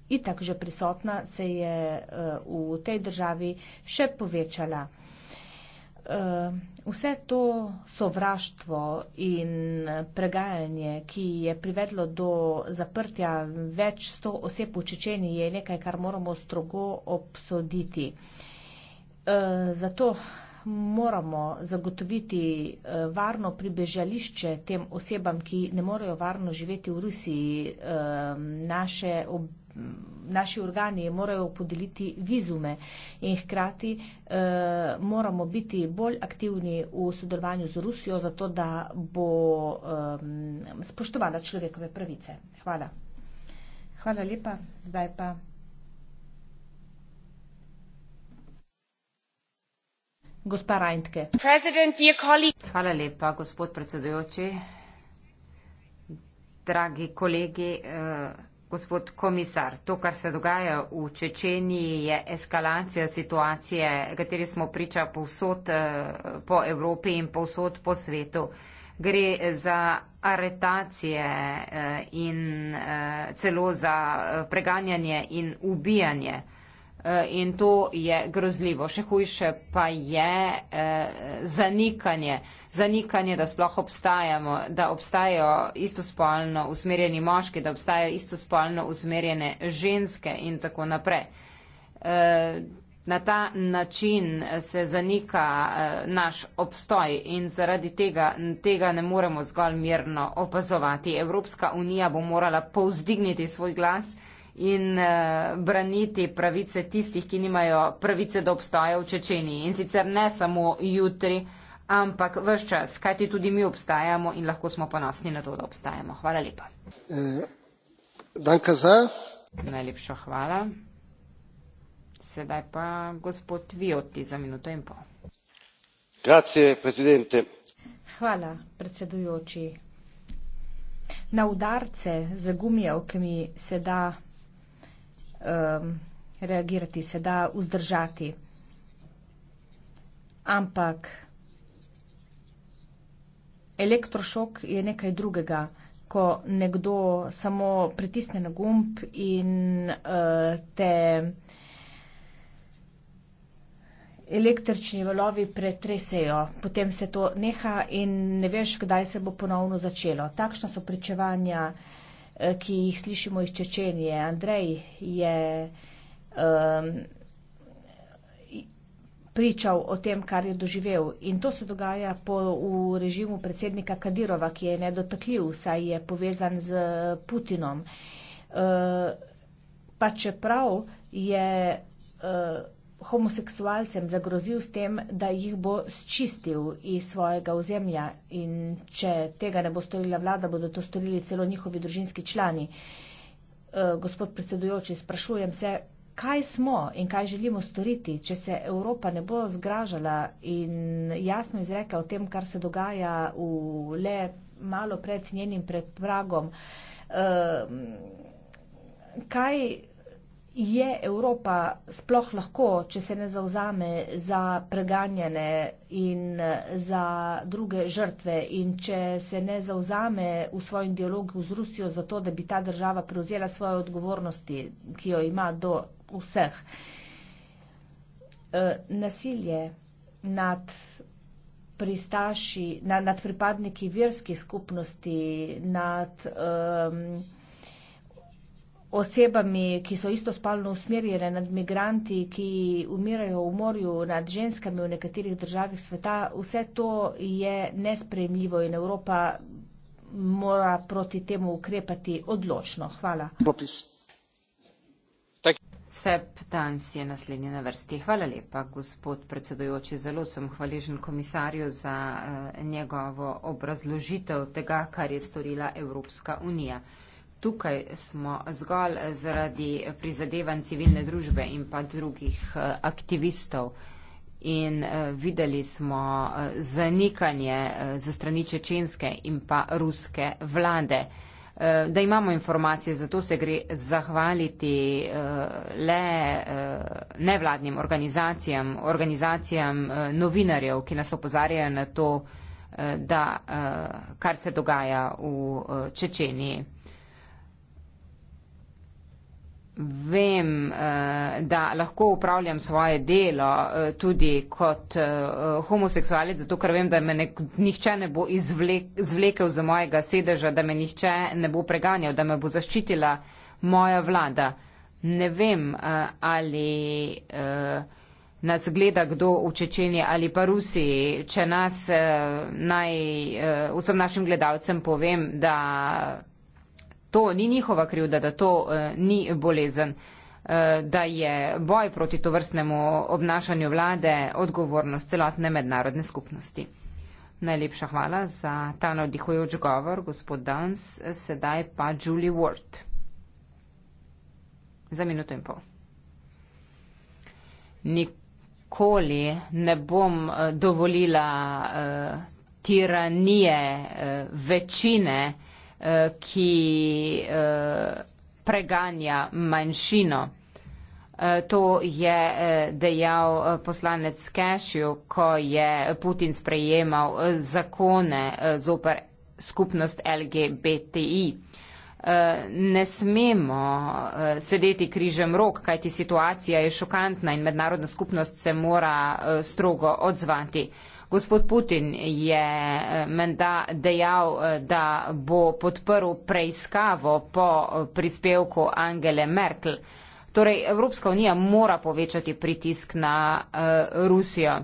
itak že prisotna, se je eh, v tej državi še povečala. Eh, vse to sovraštvo in pregajanje, ki je privedlo do zaprtja več sto oseb v Čečeni, je nekaj, kar moramo strogo obsoditi. Eh, zato moramo zagotoviti varno pribežališče tem osebam, ki ne morejo varno živeti v Rusiji. Naše obveščanje naši organi morajo podeliti vizume in hkrati eh, moramo biti bolj aktivni v sodelovanju z Rusijo, zato da bo eh, spoštovala človekove pravice. Hvala. Hvala lepa. Zdaj pa. Gospa Rajntke. Hvala lepa, gospod predsedujoči. Dragi kolegi. Eh, Gospod komisar, to, kar se dogaja v Čečeniji, je eskalacija situacije, kateri smo priča povsod eh, po Evropi in povsod po svetu. Gre za aretacije eh, in eh, celo za preganjanje in ubijanje. Eh, in to je grozljivo. Še hujše pa je eh, zanikanje, zanikanje, da sploh obstajamo, da obstajajo istospolno usmerjeni moški, da obstajajo istospolno usmerjene ženske in tako naprej. Eh, na ta način se zanika naš obstoj in zaradi tega, tega ne moremo zgolj mirno opazovati. Evropska unija bo morala povzdigniti svoj glas in uh, braniti pravice tistih, ki nimajo pravice, da obstajajo v Čečeniji. In sicer ne samo jutri, ampak vse čas, kajti tudi mi obstajamo in lahko smo ponosni na to, da obstajamo. Hvala lepa. Eh, Dan Kazaj. Najlepša hvala. Sedaj pa gospod Vioti za minuto in pol. Grazie, predsedujoči. Hvala, predsedujoči. Na udarce z gumijev, ki mi se da um, reagirati, se da vzdržati. Ampak elektrošok je nekaj drugega, ko nekdo samo pritisne na gumb in uh, te električni valovi pretresejo, potem se to neha in ne veš, kdaj se bo ponovno začelo. Takšna so pričevanja uh, Eh, ki jih slišimo iz Čečenije. Andrej je um, pričal o tem, kar je doživel. In to se dogaja po, v režimu predsednika Kadirova, ki je nedotakljiv, saj je povezan z Putinom. Uh, pa čeprav je. Uh, homoseksualcem zagrozil s tem, da jih bo sčistil iz svojega ozemlja in če tega ne bo storila vlada, bodo to storili celo njihovi družinski člani. Eh, gospod predsedujoči, sprašujem se, kaj smo in kaj želimo storiti, če se Evropa ne bo zgražala in jasno izreka o tem, kar se dogaja v le malo pred njenim predpragom. Eh, kaj je Evropa sploh lahko, če se ne zauzame za preganjene in za druge žrtve in če se ne zauzame v svojem dialogu z Rusijo za to, da bi ta država prevzela svoje odgovornosti, ki jo ima do vseh. Eh, nasilje nad pristaši, nad, nad pripadniki verskih skupnosti, nad um, osebami, ki so isto spolno usmerjene, nad migranti, ki umirajo v morju, nad ženskami v nekaterih državah sveta, vse to je nespremljivo in Evropa mora proti temu ukrepati odločno. Hvala. Sep Tans je naslednji na vrsti. Hvala lepa, gospod predsedujoči. Zelo sem hvaležen komisarju za eh, njegovo obrazložitev tega, kar je storila Evropska unija. Tukaj smo zgolj zaradi prizadevanj civilne družbe in pa drugih eh, aktivistov. In eh, videli smo eh, zanikanje za strani čečenske in pa ruske vlade. Da imamo informacije, zato se gre zahvaliti le nevladnim organizacijam, organizacijam novinarjev, ki nas opozarjajo na to, da kar se dogaja v Čečeniji vem, eh, da lahko upravljam svoje delo eh, tudi kot eh, homoseksualec, zato ker vem, da me ne, nihče ne bo izvlekel za mojega sedeža, da me nihče ne bo preganjal, da me bo zaščitila moja vlada. Ne vem, ali nas gleda kdo v Čečeni ali pa Rusiji, če nas naj vsem našim gledalcem povem, da to ni njihova krivda, da to eh, ni bolezen, eh, da je boj proti to vrstnemu obnašanju vlade odgovornost celotne mednarodne skupnosti. Najlepša hvala za ta navdihujoč govor, gospod Dans, sedaj pa Julie Ward. Za minuto in pol. Nikoli ne bom eh, dovolila uh, tiranije uh, večine, Eh, ki eh, preganja manjšino. Eh, to je dejal poslanec Kešju, ko je Putin sprejemal zakone zoper skupnost LGBTI. Ne smemo sedeti križem rok, kajti situacija je šokantna in mednarodna skupnost se mora strogo odzvati. Gospod Putin je eh, menda dejal, eh, da bo podprl preiskavo po prispevku Angele Merkel. Torej, Evropska unija mora povečati pritisk na eh, Rusijo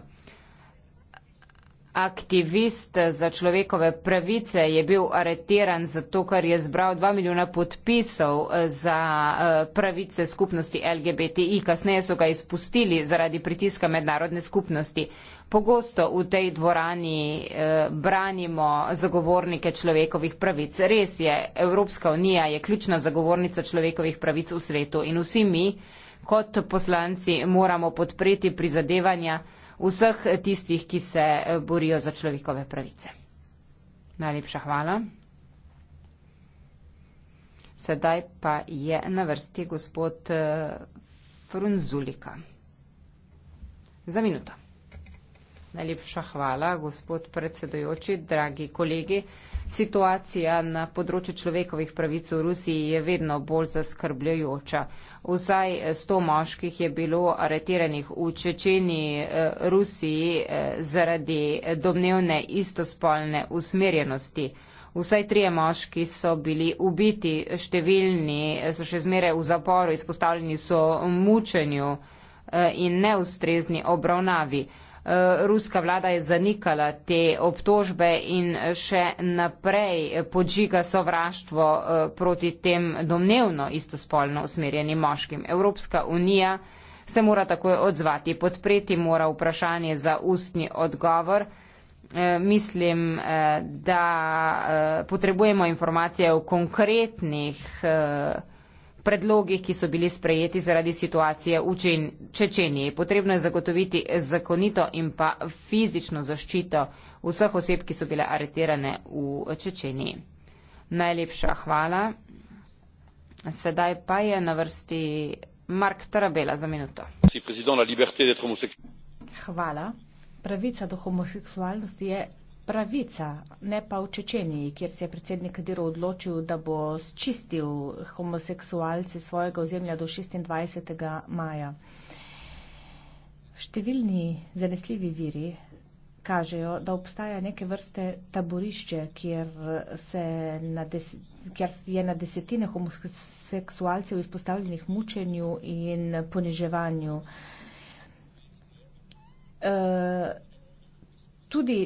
aktivist za človekove pravice je bil aretiran zato, ker je zbral 2 milijona podpisov eh, za eh, pravice skupnosti LGBTI. Kasneje so ga izpustili zaradi pritiska mednarodne skupnosti. Pogosto v tej dvorani eh, branimo zagovornike človekovih pravic. Res je, Evropska unija je ključna zagovornica človekovih pravic v svetu in vsi mi kot poslanci moramo podpreti prizadevanja, vseh tistih, ki se eh, borijo za človekove pravice. Najlepša hvala. Sedaj pa je na vrsti gospod eh, Frunzulika. Za minuto. Najlepša hvala, gospod predsedojoči, dragi kolegi. Situacija na področju človekovih pravic v Rusiji je vedno bolj zaskrbljajoča. Vsaj 100 moških je bilo areteranih v Čečeni, eh, Rusiji eh, zaradi domnevne istospolne usmerjenosti. Vsaj trije moški so bili ubiti, številni eh, so še zmeraj v zaporu, izpostavljeni so mučenju in neustrezni obravnavi. Eh, ruska vlada je zanikala te obtožbe in še naprej podžiga sovraštvo eh, proti tem domnevno istospolno usmerjenim moškim. Evropska unija se mora takoj odzvati, podpreti mora vprašanje za ustni odgovor. Eh, mislim, da potrebujemo informacije o konkretnih predlogih, ki so bili sprejeti zaradi situacije v Čečeniji. Potrebno je zagotoviti zakonito in pa fizično zaščito vseh oseb, ki so bile aretirane v Čečeniji. Najlepša hvala. Sedaj pa je na vrsti Mark Tarabela za minuto. Hvala. Pravica do homoseksualnosti je pravica, ne pa v Čečeniji, kjer se je predsednik Kadirov odločil, da bo čistil homoseksualce svojega ozemlja do 26. maja. Številni zanesljivi viri kažejo, da obstaja neke vrste taborišče, kjer, se na des, kjer je na desetine homoseksualcev izpostavljenih mučenju in poniževanju. E, tudi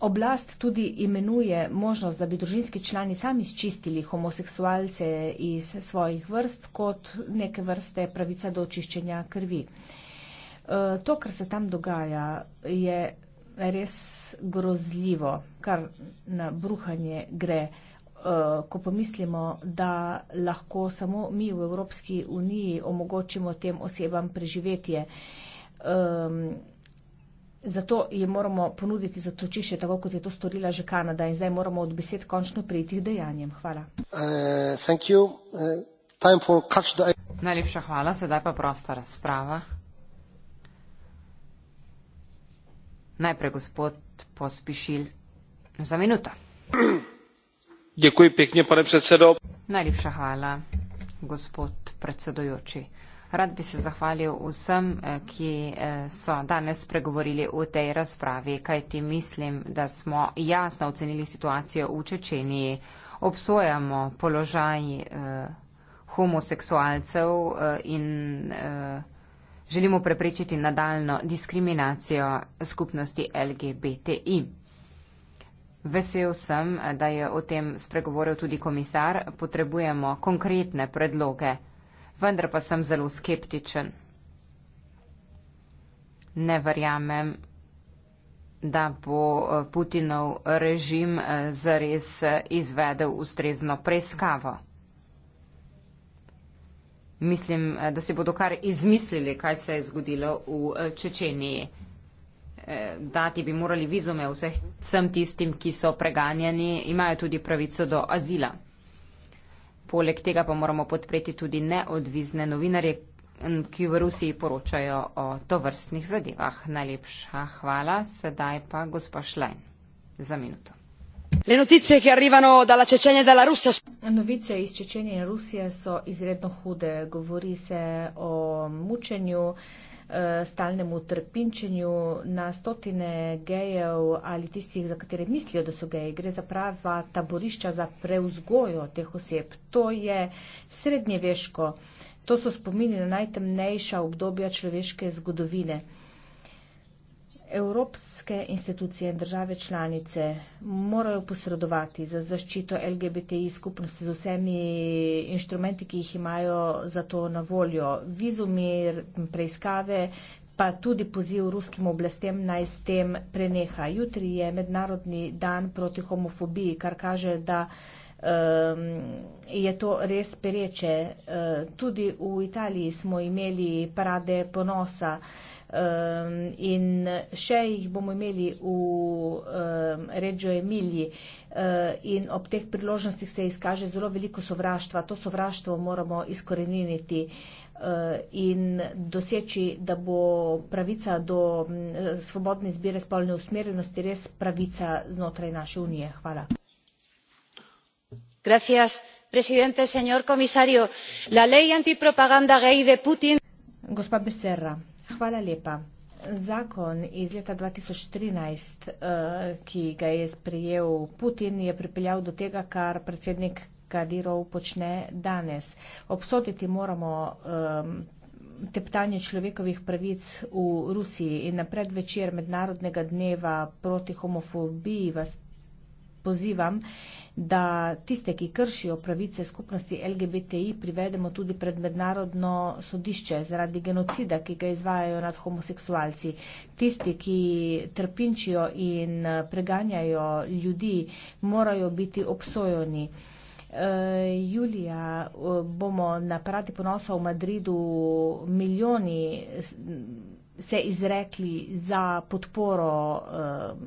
Oblast tudi imenuje možnost, da bi družinski člani sami izčistili homoseksualce iz svojih vrst kot neke vrste pravica do očiščenja krvi. E, to, kar se tam dogaja, je res grozljivo, kar na bruhanje gre. E, ko pomislimo, da lahko samo mi v Evropski uniji omogočimo tem osebam preživetje, e, Zato ji moramo ponuditi zatočišče, tako kot je to storila že Kanada in zdaj moramo od besed končno prejti k dejanjem. Hvala. Uh, uh, the... Najlepša hvala, sedaj pa prosta razprava. Najprej gospod pospišil za minuto. Děkuji pěkně, pane předsedo. Najlepša hvala, gospod predsedojoči. Rad bi se zahvalil vsem, eh, ki eh, so danes pregovorili v tej razpravi, kaj ti mislim, da smo jasno ocenili situacijo v Čečeniji. Obsojamo položaj eh, homoseksualcev eh, in eh, želimo preprečiti nadaljno diskriminacijo skupnosti LGBTI. Vesel sem, da je o tem spregovoril tudi komisar. Potrebujemo konkretne predloge vendar pa sem zelo skeptičen. Ne verjamem, da bo eh, Putinov režim eh, zares eh, izvedel ustrezno preiskavo. Mislim, da si bodo kar izmislili, kaj se je zgodilo v Čečeniji. Dati bi morali vizume vsem tistim, ki so preganjani, imajo tudi pravico do azila. Poleg tega pa moramo podpreti tudi neodvisne novinarje, ki v Rusiji poročajo o tovrstnih zadevah. Najlepša hvala, sedaj pa gospa Šlein za minuto. Le notice, ki arrivano dalla Čečenje, dalla Rusija. Novice iz Čečenje in Rusije so izredno hude. Govori se o mučenju. Eh, stalnemu trpinčenju na stotine gejev ali tistih, za katere mislijo, da so geji. Gre za prava taborišča za preuzgojo teh oseb. To je srednjeveško. To so spomini na najtemnejša obdobja človeške zgodovine. Evropske institucije in države članice morajo posredovati za zaščito LGBTI skupnosti z vsemi inštrumenti, ki jih imajo za to na voljo. Vizumi, preiskave, pa tudi poziv ruskim oblastem naj s tem preneha. Jutri je mednarodni dan proti homofobiji, kar kaže, da um, je to res pereče. Uh, tudi v Italiji smo imeli parade ponosa. Uh, Um, in še jih bomo imeli v um, Reggio Emilji. Eh, in ob teh priložnostih se izkaže zelo veliko sovraštva. To sovraštvo moramo izkoreniniti eh, in doseči, da bo pravica do svobodne izbire spolne usmerjenosti res pravica znotraj naše unije. Hvala. Gospa Becerra. Hvala lepa. Zakon iz leta 2013, eh, ki ga je sprejel Putin, je pripeljal do tega, kar predsednik Kadirov počne danes. Obsoditi moramo eh, teptanje človekovih pravic v Rusiji in na predvečer mednarodnega dneva proti homofobiji vas pozivam, da tiste, ki kršijo pravice skupnosti LGBTI, privedemo tudi pred mednarodno sodišče zaradi genocida, ki ga izvajajo nad homoseksualci. Tisti, ki trpinčijo in eh, preganjajo ljudi, morajo biti obsojeni. Eh, julija eh, bomo na parati ponosa v Madridu milijoni se izrekli za podporo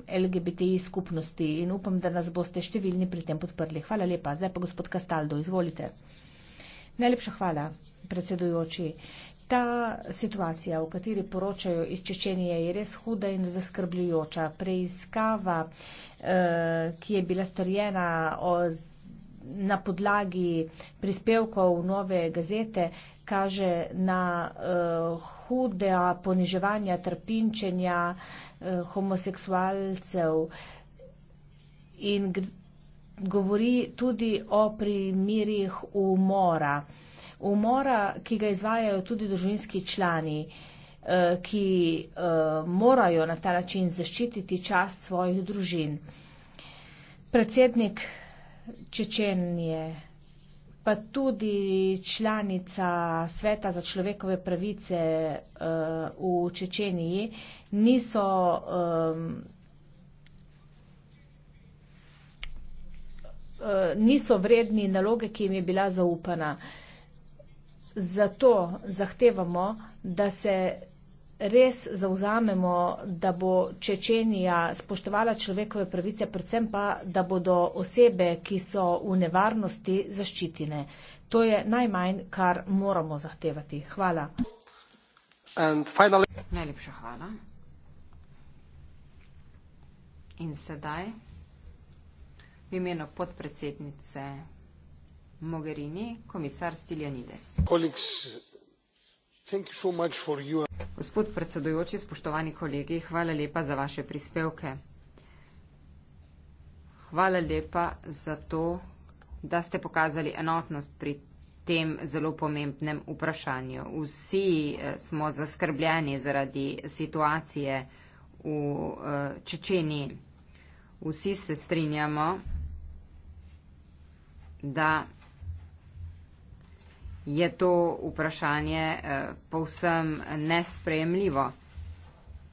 eh, LGBTI skupnosti in upam, da nas boste številni pri tem podprli. Hvala lepa. Zdaj pa gospod Kastaldo, izvolite. Najlepša hvala, predsedujoči. Ta situacija, v kateri poročajo iz Čečenije, je res huda in zaskrbljujoča. Preiskava, eh, ki je bila storjena na podlagi prispevkov nove gazete, kaže na uh, eh, hude poniževanja, trpinčenja uh, homoseksualcev in govori tudi o primirih umora. Umora, ki ga izvajajo tudi družinski člani, uh, ki uh, morajo na ta način zaščititi čast svojih družin. Predsednik Čečenije pa tudi članica Sveta za človekove pravice uh, v Čečeniji, niso um, niso vredni naloge, ki jim je bila zaupana. Zato zahtevamo, da se res zauzamemo, da bo Čečenija spoštovala človekove pravice, predvsem pa, da bodo osebe, ki so v nevarnosti, zaščitene. To je najmanj, kar moramo zahtevati. Hvala. Finally... Najlepša hvala. In sedaj v imenu podpredsednice Mogherini, komisar Stiljanides. Koliks... Gospod predsedujoči, spoštovani kolegi, hvala lepa za vaše prispevke. Hvala lepa za to, da ste pokazali enotnost pri tem zelo pomembnem vprašanju. Vsi eh, smo zaskrbljeni zaradi situacije v eh, Čečeni. Vsi se strinjamo, da je to vprašanje eh, povsem nespremljivo.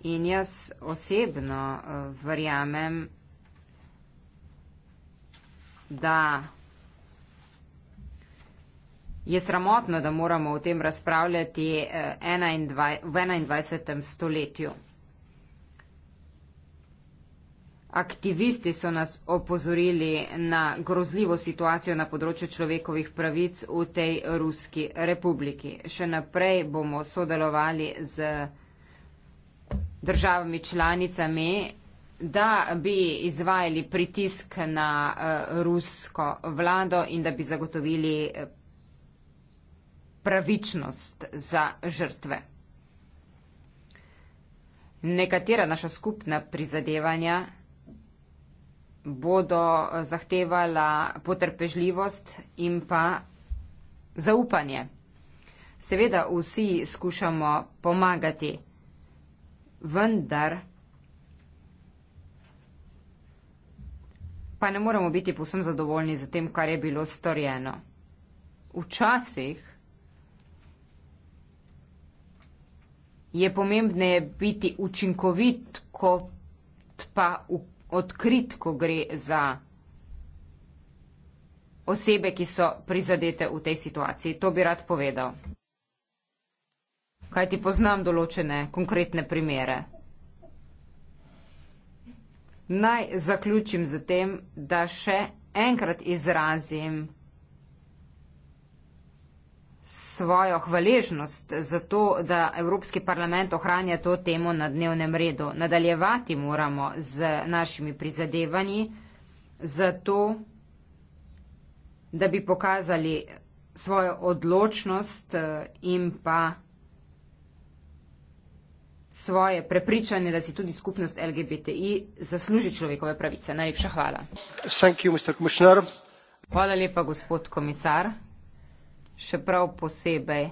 In jaz osebno eh, verjamem, da je sramotno, da moramo o tem razpravljati eh, v 21. stoletju. Aktivisti so nas opozorili na grozljivo situacijo na področju človekovih pravic v tej Ruski republiki. Še naprej bomo sodelovali z državami članicami, da bi izvajali pritisk na eh, rusko vlado in da bi zagotovili eh, pravičnost za žrtve. Nekatera naša skupna prizadevanja bodo eh, zahtevala potrpežljivost in pa zaupanje. Seveda vsi skušamo pomagati, vendar pa ne moramo biti povsem zadovoljni z tem, kar je bilo storjeno. Včasih je pomembneje biti učinkovit, kot pa upravljati odkrit, ko gre za osebe, ki so prizadete v tej situaciji. To bi rad povedal. Kaj ti poznam določene konkretne primere? Naj zaključim z tem, da še enkrat izrazim svojo hvaležnost za to, da Evropski parlament ohranja to temo na dnevnem redu. Nadaljevati moramo z našimi prizadevanji za to, da bi pokazali svojo odločnost eh, in pa svoje prepričanje, da si tudi skupnost LGBTI zasluži človekove pravice. Najlepša hvala. Thank you, Hvala lepa, gospod komisar še prav posebej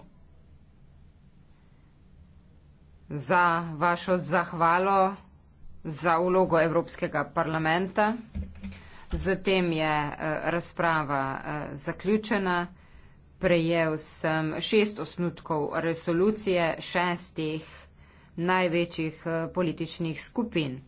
za vašo zahvalo za vlogo Evropskega parlamenta. Zatem je eh, razprava eh, zaključena. Prejel sem šest osnutkov resolucije šestih največjih eh, političnih skupin.